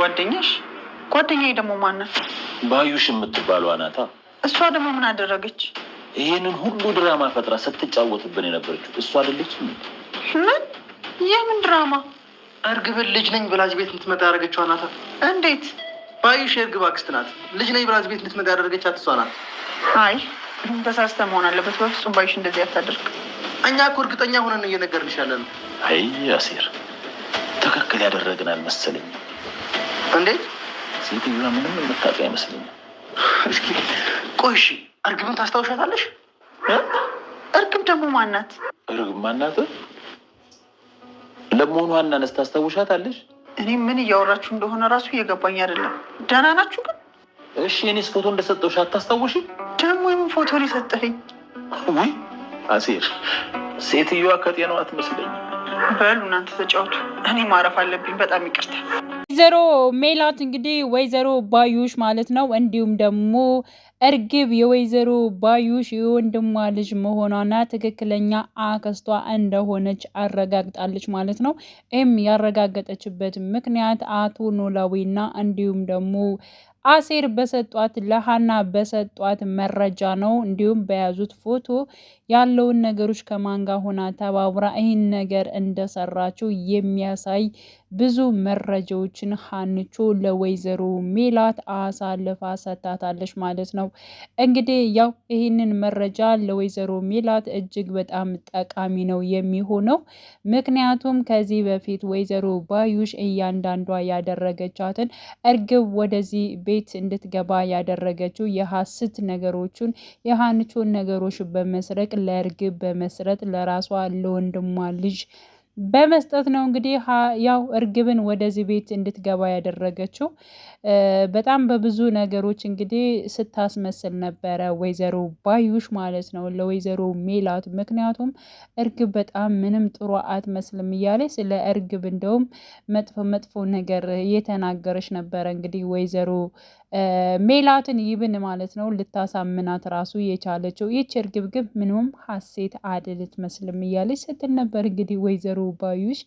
ጓደኛሽ? ጓደኛዬ ደግሞ ማናት? ባዩሽ የምትባለው አናታ። እሷ ደግሞ ምን አደረገች? ይህንን ሁሉ ድራማ ፈጥራ ስትጫወትብን የነበረችው እሷ አይደለች? ምን? የምን ድራማ? እርግብን ልጅ ነኝ ብላ እዚህ ቤት እንድትመጣ ያደረገችው አናታ። እንዴት? ባዩሽ የእርግብ አክስት ናት። ልጅ ነኝ ብላ እዚህ ቤት እንድትመጣ ያደረገቻት እሷ ናት። አይ ተሳስተ መሆን አለበት። በፍጹም ባዩሽ እንደዚህ አታደርግ። እኛ እኮ እርግጠኛ ሆነን እየነገርንሻለን። አይ አሴር፣ ትክክል ያደረግን መሰለኝ። እንዴት ሴትዮዋ ምንም የምታውቅ አይመስለኝም። እስኪ ቆይ እሺ፣ እርግብን ታስታውሻታለሽ? እርግብ ደግሞ ማናት? እርግብ ማናት? ለመሆኑ ሀናንስ ታስታውሻታለሽ? እኔ ምን እያወራችሁ እንደሆነ እራሱ እየገባኝ አይደለም። ደህና ናችሁ ግን? እሺ፣ እኔስ ፎቶ እንደሰጠሁሽ አታስታውሽም? ደግሞ የምን ፎቶ ነው የሰጠኸኝ? ውይ አሴር ሴትዮዋ ከጤናዋ አትመስለኝም። በሉ እናንተ ተጫወቱ፣ እኔ ማረፍ አለብኝ። በጣም ይቅርታ። ወይዘሮ ሜላት እንግዲህ ወይዘሮ ባዩሽ ማለት ነው እንዲሁም ደግሞ እርግብ የወይዘሮ ባዩሽ የወንድሟ ልጅ መሆኗና ትክክለኛ አክስቷ እንደሆነች አረጋግጣለች ማለት ነው። ይህም ያረጋገጠችበት ምክንያት አቶ ኖላዊና እንዲሁም ደግሞ አሴር በሰጧት ለሀና በሰጧት መረጃ ነው። እንዲሁም በያዙት ፎቶ ያለውን ነገሮች ከማንጋ ሆና ተባብራ ይህን ነገር እንደሰራችው የሚያሳይ ብዙ መረጃዎችን ሀንቾ ለወይዘሮ ሜላት አሳልፋ ሰታታለች ማለት ነው። እንግዲህ ያው ይህንን መረጃ ለወይዘሮ ሜላት እጅግ በጣም ጠቃሚ ነው የሚሆነው ምክንያቱም ከዚህ በፊት ወይዘሮ ባዩሽ እያንዳንዷ ያደረገቻትን እርግብ ወደዚህ ቤት እንድትገባ ያደረገችው የሀስት ነገሮችን የሀንቾን ነገሮች በመስረቅ ለእርግብ በመስረት ለራሷ ለወንድሟ ልጅ በመስጠት ነው እንግዲህ ያው እርግብን ወደዚህ ቤት እንድትገባ ያደረገችው። በጣም በብዙ ነገሮች እንግዲህ ስታስመስል ነበረ ወይዘሮ ባዩሽ ማለት ነው ለወይዘሮ ሜላት። ምክንያቱም እርግብ በጣም ምንም ጥሩ አትመስልም እያለች ስለ እርግብ እንደውም መጥፎ መጥፎ ነገር እየተናገረች ነበረ እንግዲህ ወይዘሮ ሜላትን ይብን ማለት ነው ልታሳምናት ራሱ የቻለችው ይች እርግብግብ ምንም ሀሴት አድ ልትመስልም እያለች ስትል ነበር። እንግዲህ ወይዘሮ ባዩሽ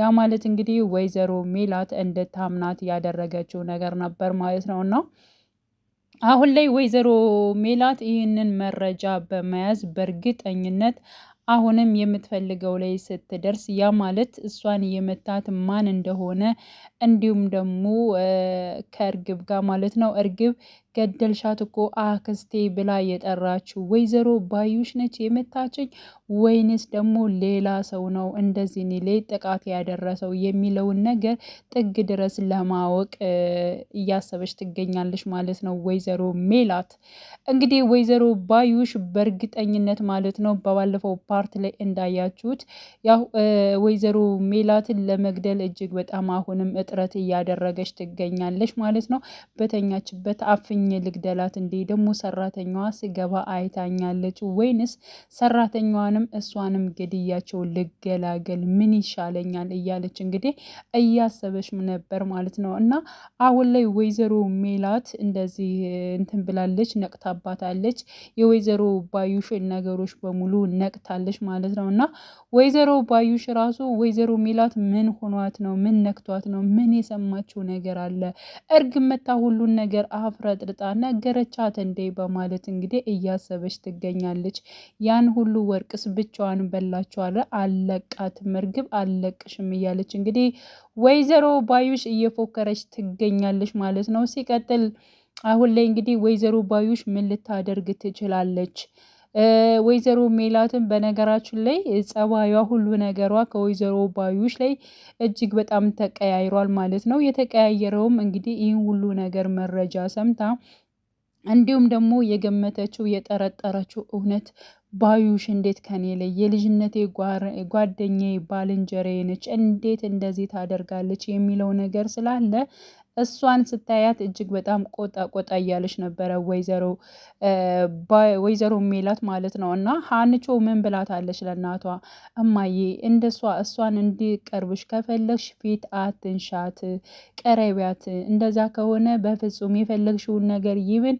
ያ ማለት እንግዲህ ወይዘሮ ሜላት እንድታምናት ያደረገችው ነገር ነበር ማለት ነው እና አሁን ላይ ወይዘሮ ሜላት ይህንን መረጃ በመያዝ በእርግጠኝነት አሁንም የምትፈልገው ላይ ስትደርስ ያ ማለት እሷን የመታት ማን እንደሆነ እንዲሁም ደግሞ ከእርግብ ጋር ማለት ነው እርግብ ገደልሻት እኮ አክስቴ ብላ የጠራችው ወይዘሮ ባዩሽ ነች የመታችኝ ወይንስ ደግሞ ሌላ ሰው ነው እንደዚህ እኔ ላይ ጥቃት ያደረሰው የሚለውን ነገር ጥግ ድረስ ለማወቅ እያሰበች ትገኛለች ማለት ነው ወይዘሮ ሜላት። እንግዲህ ወይዘሮ ባዩሽ በእርግጠኝነት ማለት ነው በባለፈው ፓርት ላይ እንዳያችሁት ያው ወይዘሮ ሜላትን ለመግደል እጅግ በጣም አሁንም እጥረት እያደረገች ትገኛለች ማለት ነው። በተኛችበት አፍኝ አለችኝ ልግደላት እንዴ? ደግሞ ሰራተኛዋ ስገባ አይታኛለች ወይንስ ሰራተኛዋንም እሷንም ግድያቸው ልገላገል? ምን ይሻለኛል? እያለች እንግዲህ እያሰበች ነበር ማለት ነው። እና አሁን ላይ ወይዘሮ ሜላት እንደዚህ እንትን ብላለች፣ ነቅታባታለች። የወይዘሮ ባዩሽ ነገሮች በሙሉ ነቅታለች ማለት ነው። እና ወይዘሮ ባዩሽ ራሱ ወይዘሮ ሜላት ምን ሆኗት ነው? ምን ነክቷት ነው? ምን የሰማችው ነገር አለ? እርግ መታ ሁሉን ነገር አፍረጥ አፍርጣ ነገረቻት እንዴ በማለት እንግዲህ እያሰበች ትገኛለች። ያን ሁሉ ወርቅስ ብቻዋን በላቸዋለ አለቃት ምርግብ አለቅሽም እያለች እንግዲህ ወይዘሮ ባዩሽ እየፎከረች ትገኛለች ማለት ነው። ሲቀጥል አሁን ላይ እንግዲህ ወይዘሮ ባዩሽ ምን ልታደርግ ትችላለች? ወይዘሮ ሜላትን በነገራችን ላይ ጸባዩዋ ሁሉ ነገሯ ከወይዘሮ ባዩሽ ላይ እጅግ በጣም ተቀያይሯል ማለት ነው። የተቀያየረውም እንግዲህ ይህን ሁሉ ነገር መረጃ ሰምታ እንዲሁም ደግሞ የገመተችው የጠረጠረችው እውነት ባዩሽ እንዴት ከኔ ላይ የልጅነቴ ጓደኛ ባልንጀሬ ነች እንዴት እንደዚህ ታደርጋለች የሚለው ነገር ስላለ እሷን ስታያት እጅግ በጣም ቆጣ ቆጣ እያለች ነበረ ወይዘሮ ወይዘሮ ሜላት ማለት ነው። እና ሀንቾ ምን ብላታለች ለእናቷ እማዬ፣ እንደሷ እሷን እንዲቀርብሽ ከፈለግሽ ፊት አትንሻት፣ ቀረቢያት። እንደዛ ከሆነ በፍጹም የፈለግሽውን ነገር ይብን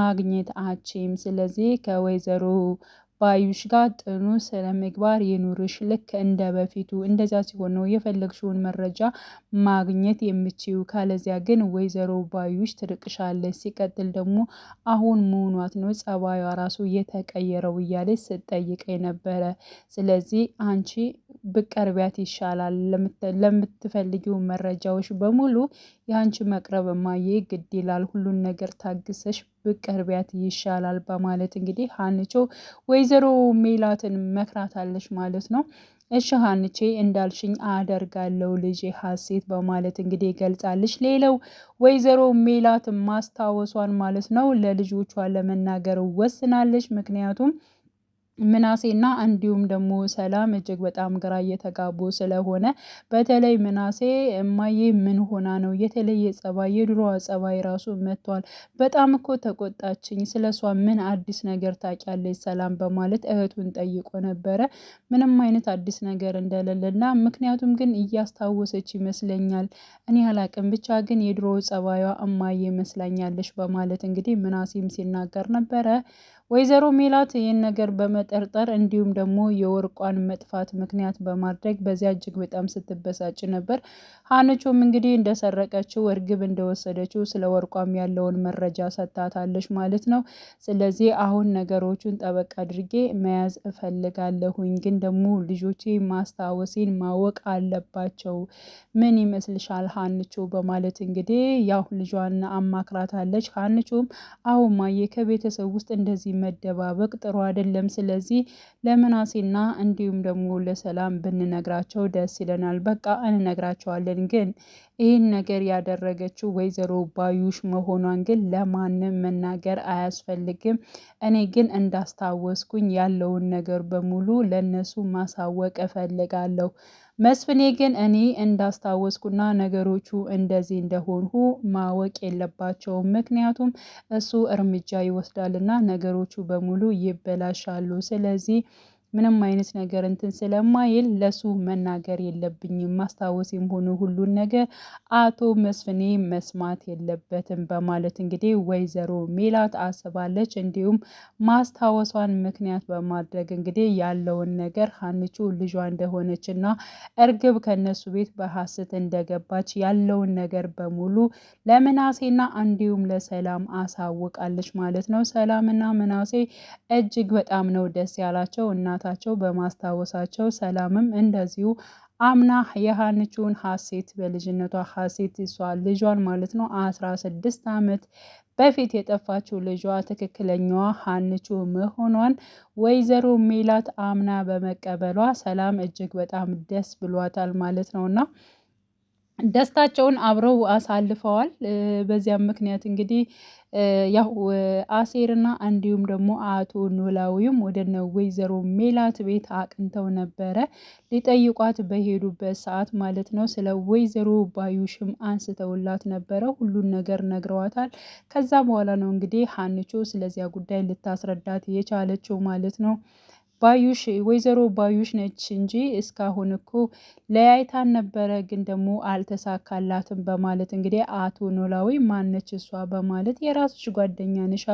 ማግኘት አችም። ስለዚህ ከወይዘሮ ባዩሽ ጋር ጥኑ ስነ ምግባር ይኑርሽ። ልክ እንደ በፊቱ እንደዚያ ሲሆን ነው የፈለግሽውን መረጃ ማግኘት የምችው። ካለዚያ ግን ወይዘሮ ባዩሽ ትርቅሻለች። ሲቀጥል ደግሞ አሁን መሆኗት ነው ጸባዩ ራሱ የተቀየረው እያለች ስትጠይቀኝ ነበረ። ስለዚህ አንቺ ብቀርቢያት ይሻላል። ለምትፈልጊው መረጃዎች በሙሉ የአንቺ መቅረብ ማዬ ግድ ይላል። ሁሉን ነገር ታግሰሽ ብቀርቢያት ይሻላል በማለት እንግዲህ ሀንቾ ወይዘሮ ሜላትን መክራታለች ማለት ነው። እሺ ሀንቼ እንዳልሽኝ አደርጋለሁ ልጄ ሀሴት በማለት እንግዲህ ገልጻለች። ሌላው ወይዘሮ ሜላት ማስታወሷን ማለት ነው ለልጆቿ ለመናገር ወስናለች። ምክንያቱም ምናሴና እንዲሁም ደግሞ ሰላም እጅግ በጣም ግራ እየተጋቡ ስለሆነ በተለይ ምናሴ እማዬ ምን ሆና ነው የተለየ ጸባይ የድሮዋ ጸባይ ራሱ መጥቷል በጣም እኮ ተቆጣችኝ ስለሷ ምን አዲስ ነገር ታውቂያለች ሰላም በማለት እህቱን ጠይቆ ነበረ ምንም አይነት አዲስ ነገር እንደሌለና ምክንያቱም ግን እያስታወሰች ይመስለኛል እኔ አላቅም ብቻ ግን የድሮ ጸባዩ እማዬ መስላኛለች በማለት እንግዲህ ምናሴም ሲናገር ነበረ ወይዘሮ ሜላት ይህን ነገር በመጠርጠር እንዲሁም ደግሞ የወርቋን መጥፋት ምክንያት በማድረግ በዚያ እጅግ በጣም ስትበሳጭ ነበር። ሀንቾም እንግዲህ እንደሰረቀችው እርግብ እንደወሰደችው ስለ ወርቋም ያለውን መረጃ ሰጥታታለች ማለት ነው። ስለዚህ አሁን ነገሮቹን ጠበቅ አድርጌ መያዝ እፈልጋለሁኝ፣ ግን ደግሞ ልጆቼ ማስታወሴን ማወቅ አለባቸው። ምን ይመስልሻል ሀንቾ? በማለት እንግዲህ ያው ልጇን አማክራታለች። ሀንቾም አሁን ማየ ከቤተሰብ ውስጥ እንደዚህ መደባበቅ ጥሩ አይደለም። ስለዚህ ለምናሴና እንዲሁም ደግሞ ለሰላም ብንነግራቸው ደስ ይለናል። በቃ እንነግራቸዋለን ግን ይህን ነገር ያደረገችው ወይዘሮ ባዩሽ መሆኗን ግን ለማንም መናገር አያስፈልግም። እኔ ግን እንዳስታወስኩኝ ያለውን ነገር በሙሉ ለነሱ ማሳወቅ እፈልጋለሁ። መስፍኔ ግን እኔ እንዳስታወስኩና ነገሮቹ እንደዚህ እንደሆንሁ ማወቅ የለባቸውም። ምክንያቱም እሱ እርምጃ ይወስዳልና ነገሮቹ በሙሉ ይበላሻሉ። ስለዚህ ምንም አይነት ነገር እንትን ስለማይል ለሱ መናገር የለብኝም ማስታወሴም ሆነ ሁሉን ነገር አቶ መስፍኔ መስማት የለበትም በማለት እንግዲህ ወይዘሮ ሜላት አስባለች። እንዲሁም ማስታወሷን ምክንያት በማድረግ እንግዲህ ያለውን ነገር ሀንቹ ልጇ እንደሆነች እና እርግብ ከነሱ ቤት በሀሰት እንደገባች ያለውን ነገር በሙሉ ለምናሴና እንዲሁም ለሰላም አሳውቃለች ማለት ነው። ሰላምና ምናሴ እጅግ በጣም ነው ደስ ያላቸው እና በማጽናናታቸው በማስታወሳቸው ሰላምም እንደዚሁ አምና የሀንቹን ሀሴት በልጅነቷ ሀሴት እሷ ልጇን ማለት ነው አስራ ስድስት ዓመት በፊት የጠፋችው ልጇ ትክክለኛዋ ሀንቹ መሆኗን ወይዘሮ ሜላት አምና በመቀበሏ ሰላም እጅግ በጣም ደስ ብሏታል ማለት ነውና ደስታቸውን አብረው አሳልፈዋል። በዚያም ምክንያት እንግዲህ ያው አሴርና እንዲሁም ደግሞ አቶ ኖላዊም ወደ ወይዘሮ ሜላት ቤት አቅንተው ነበረ ሊጠይቋት በሄዱበት ሰዓት ማለት ነው። ስለ ወይዘሮ ባዩሽም አንስተውላት ነበረ፣ ሁሉን ነገር ነግረዋታል። ከዛ በኋላ ነው እንግዲህ ሀንቾ ስለዚያ ጉዳይ ልታስረዳት የቻለችው ማለት ነው። ባዩሽ ወይዘሮ ባዩሽ ነች እንጂ እስካሁን እኮ ለያይታን ነበረ፣ ግን ደግሞ አልተሳካላትም በማለት እንግዲህ አቶ ኖላዊ ማነች እሷ በማለት የራስሽ ጓደኛ ነሻ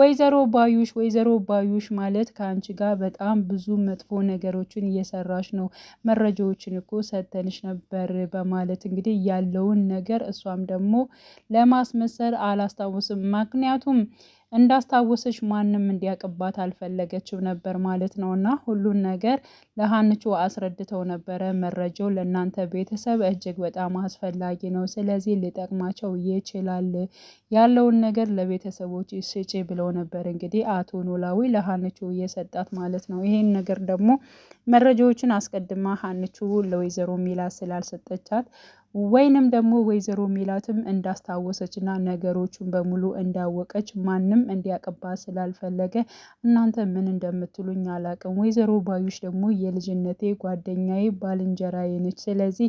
ወይዘሮ ባዩሽ ወይዘሮ ባዩሽ ማለት ከአንቺ ጋር በጣም ብዙ መጥፎ ነገሮችን እየሰራሽ ነው፣ መረጃዎችን እኮ ሰተንሽ ነበር በማለት እንግዲህ ያለውን ነገር እሷም ደግሞ ለማስመሰል አላስታውስም ምክንያቱም እንዳስታወሰች ማንም እንዲያቅባት አልፈለገችም ነበር ማለት ነው። እና ሁሉን ነገር ለሀንቾ አስረድተው ነበረ። መረጃው ለእናንተ ቤተሰብ እጅግ በጣም አስፈላጊ ነው። ስለዚህ ሊጠቅማቸው ይችላል። ያለውን ነገር ለቤተሰቦች ስጪ ብለው ነበር እንግዲህ አቶ ኖላዊ ለሀንቾ እየሰጣት ማለት ነው። ይሄን ነገር ደግሞ መረጃዎችን አስቀድማ ሀንቾ ለወይዘሮ ሚላ ስላልሰጠቻት ወይንም ደግሞ ወይዘሮ እንዳስታወሰች እንዳስታወሰችና ነገሮቹን በሙሉ እንዳወቀች ማንም እንዲያቀባ ስላልፈለገ እናንተ ምን እንደምትሉኝ አላቅም። ወይዘሮ ባዩሽ ደግሞ የልጅነቴ ጓደኛዬ ባልንጀራዬ ነች። ስለዚህ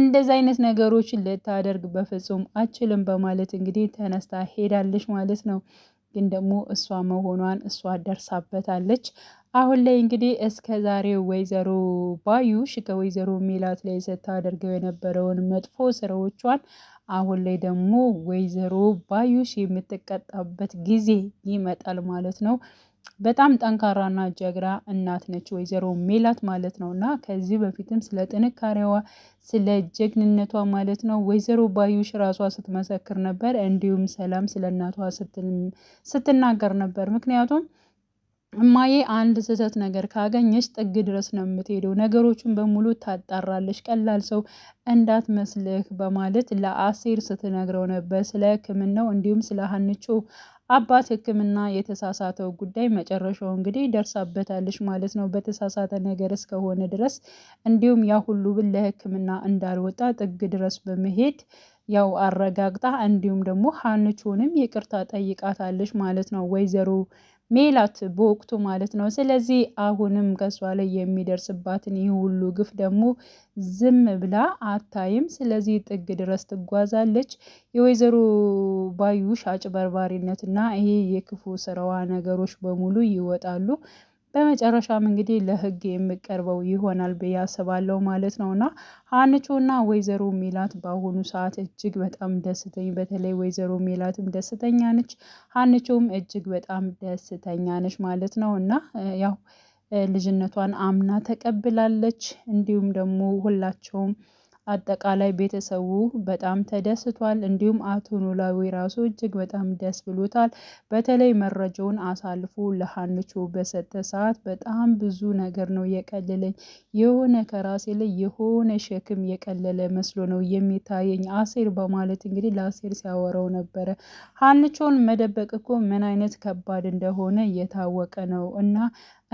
እንደዚ አይነት ነገሮችን ልታደርግ በፍጹም አችልም በማለት እንግዲህ ተነስታ ሄዳለች ማለት ነው። ግን ደግሞ እሷ መሆኗን እሷ ደርሳበታለች። አሁን ላይ እንግዲህ እስከ ዛሬ ወይዘሮ ባዩሽ ከወይዘሮ ሜላት ላይ ስታደርገው የነበረውን መጥፎ ስራዎቿን አሁን ላይ ደግሞ ወይዘሮ ባዩሽ የምትቀጣበት ጊዜ ይመጣል ማለት ነው። በጣም ጠንካራና ጀግራ እናት ነች ወይዘሮ ሜላት ማለት ነው። እና ከዚህ በፊትም ስለ ጥንካሬዋ ስለ ጀግንነቷ ማለት ነው ወይዘሮ ባዩሽ ራሷ ስትመሰክር ነበር። እንዲሁም ሰላም ስለ እናቷ ስትናገር ነበር። ምክንያቱም እማዬ አንድ ስህተት ነገር ካገኘች ጥግ ድረስ ነው የምትሄደው። ነገሮቹን በሙሉ ታጣራለች። ቀላል ሰው እንዳትመስልህ በማለት ለአሴር ስትነግረው ነበር። ስለ ሕክምናው እንዲሁም ስለ ሀንቾ አባት ሕክምና የተሳሳተው ጉዳይ መጨረሻው እንግዲህ ደርሳበታለች ማለት ነው። በተሳሳተ ነገር እስከሆነ ድረስ እንዲሁም ያ ሁሉ ብን ለሕክምና እንዳልወጣ ጥግ ድረስ በመሄድ ያው አረጋግጣ እንዲሁም ደግሞ ሀንቾንም ይቅርታ ጠይቃታለች ማለት ነው ወይዘሮ ሜላት በወቅቱ ማለት ነው። ስለዚህ አሁንም ከሷ ላይ የሚደርስባትን ይህ ሁሉ ግፍ ደግሞ ዝም ብላ አታይም። ስለዚህ ጥግ ድረስ ትጓዛለች። የወይዘሮ ባዩሽ አጭበርባሪነትና ይሄ የክፉ ስራዋ ነገሮች በሙሉ ይወጣሉ። በመጨረሻም እንግዲህ ለህግ የምቀርበው ይሆናል ብዬ አስባለሁ ማለት ነው። እና ሀንቾና ወይዘሮ ሜላት በአሁኑ ሰዓት እጅግ በጣም ደስተኝ በተለይ ወይዘሮ ሜላትም ደስተኛ ነች ሀንቾም እጅግ በጣም ደስተኛ ነች ማለት ነው። እና ያው ልጅነቷን አምና ተቀብላለች እንዲሁም ደግሞ ሁላቸውም አጠቃላይ ቤተሰቡ በጣም ተደስቷል። እንዲሁም አቶ ኖላዊ ራሱ እጅግ በጣም ደስ ብሎታል። በተለይ መረጃውን አሳልፎ ለሀንቾ በሰጠ ሰዓት በጣም ብዙ ነገር ነው የቀለለኝ። የሆነ ከራሴ ላይ የሆነ ሸክም የቀለለ መስሎ ነው የሚታየኝ አሴር በማለት እንግዲህ ለአሴር ሲያወራው ነበረ። ሀንቾን መደበቅ እኮ ምን አይነት ከባድ እንደሆነ የታወቀ ነው እና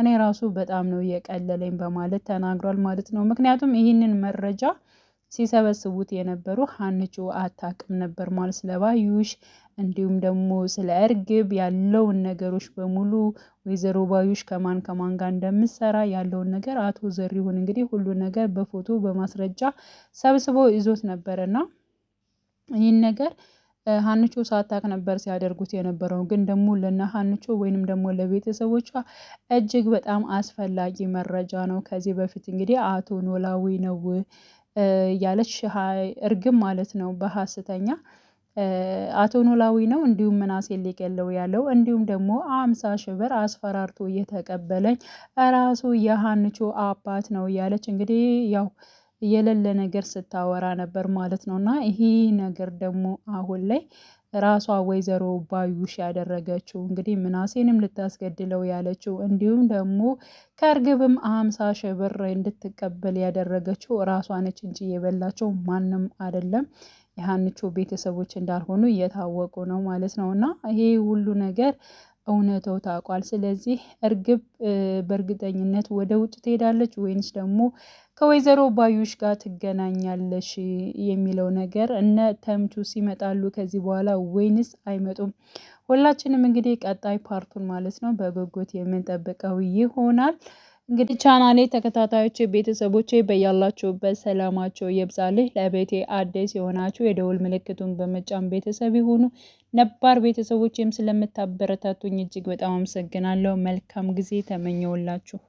እኔ ራሱ በጣም ነው የቀለለኝ በማለት ተናግሯል ማለት ነው። ምክንያቱም ይህንን መረጃ ሲሰበስቡት የነበሩ ሀንቹ አታቅም ነበር ማለት ስለ ባዩሽ እንዲሁም ደግሞ ስለ እርግብ ያለውን ነገሮች በሙሉ ወይዘሮ ባዩሽ ከማን ከማን ጋር እንደምሰራ ያለውን ነገር አቶ ዘሪሁን እንግዲህ ሁሉ ነገር በፎቶ በማስረጃ ሰብስቦ ይዞት ነበረና ይህን ነገር ሀንቾ ሳታቅ ነበር ሲያደርጉት የነበረው። ግን ደግሞ ለና ሀንቾ ወይንም ደግሞ ለቤተሰቦቿ እጅግ በጣም አስፈላጊ መረጃ ነው። ከዚህ በፊት እንግዲህ አቶ ኖላዊ ነው እያለች እርግብ ማለት ነው በሀሰተኛ አቶ ኖላዊ ነው እንዲሁም ምናሴ ሊገለው ያለው እንዲሁም ደግሞ አምሳ ሺህ ብር አስፈራርቶ እየተቀበለኝ ራሱ የሀንቾ አባት ነው እያለች እንግዲህ ያው የሌለ ነገር ስታወራ ነበር ማለት ነው። እና ይሄ ነገር ደግሞ አሁን ላይ ራሷ ወይዘሮ ባዩሽ ያደረገችው እንግዲህ ምናሴንም ልታስገድለው ያለችው እንዲሁም ደግሞ ከእርግብም አምሳ ሺህ ብር እንድትቀበል ያደረገችው ራሷ ነች እንጂ የበላቸው ማንም አይደለም። የሀንቾ ቤተሰቦች እንዳልሆኑ እየታወቁ ነው ማለት ነው እና ይሄ ሁሉ ነገር እውነተው ታውቋል። ስለዚህ እርግብ በእርግጠኝነት ወደ ውጭ ትሄዳለች ወይንስ ደግሞ ከወይዘሮ ባዩሽ ጋር ትገናኛለሽ የሚለው ነገር እነ ተምቹ ሲመጣሉ ከዚህ በኋላ ወይንስ አይመጡም? ሁላችንም እንግዲህ ቀጣይ ፓርቱን ማለት ነው በጉጉት የምንጠብቀው ይሆናል። እንግዲህ ቻናሌ ተከታታዮች ቤተሰቦቼ በያላችሁበት ሰላማቸው ይብዛልኝ። ለቤቴ አዲስ የሆናችሁ የደውል ምልክቱን በመጫን ቤተሰብ የሆኑ ነባር ቤተሰቦችም ስለምታበረታቱኝ እጅግ በጣም አመሰግናለሁ። መልካም ጊዜ ተመኘውላችሁ።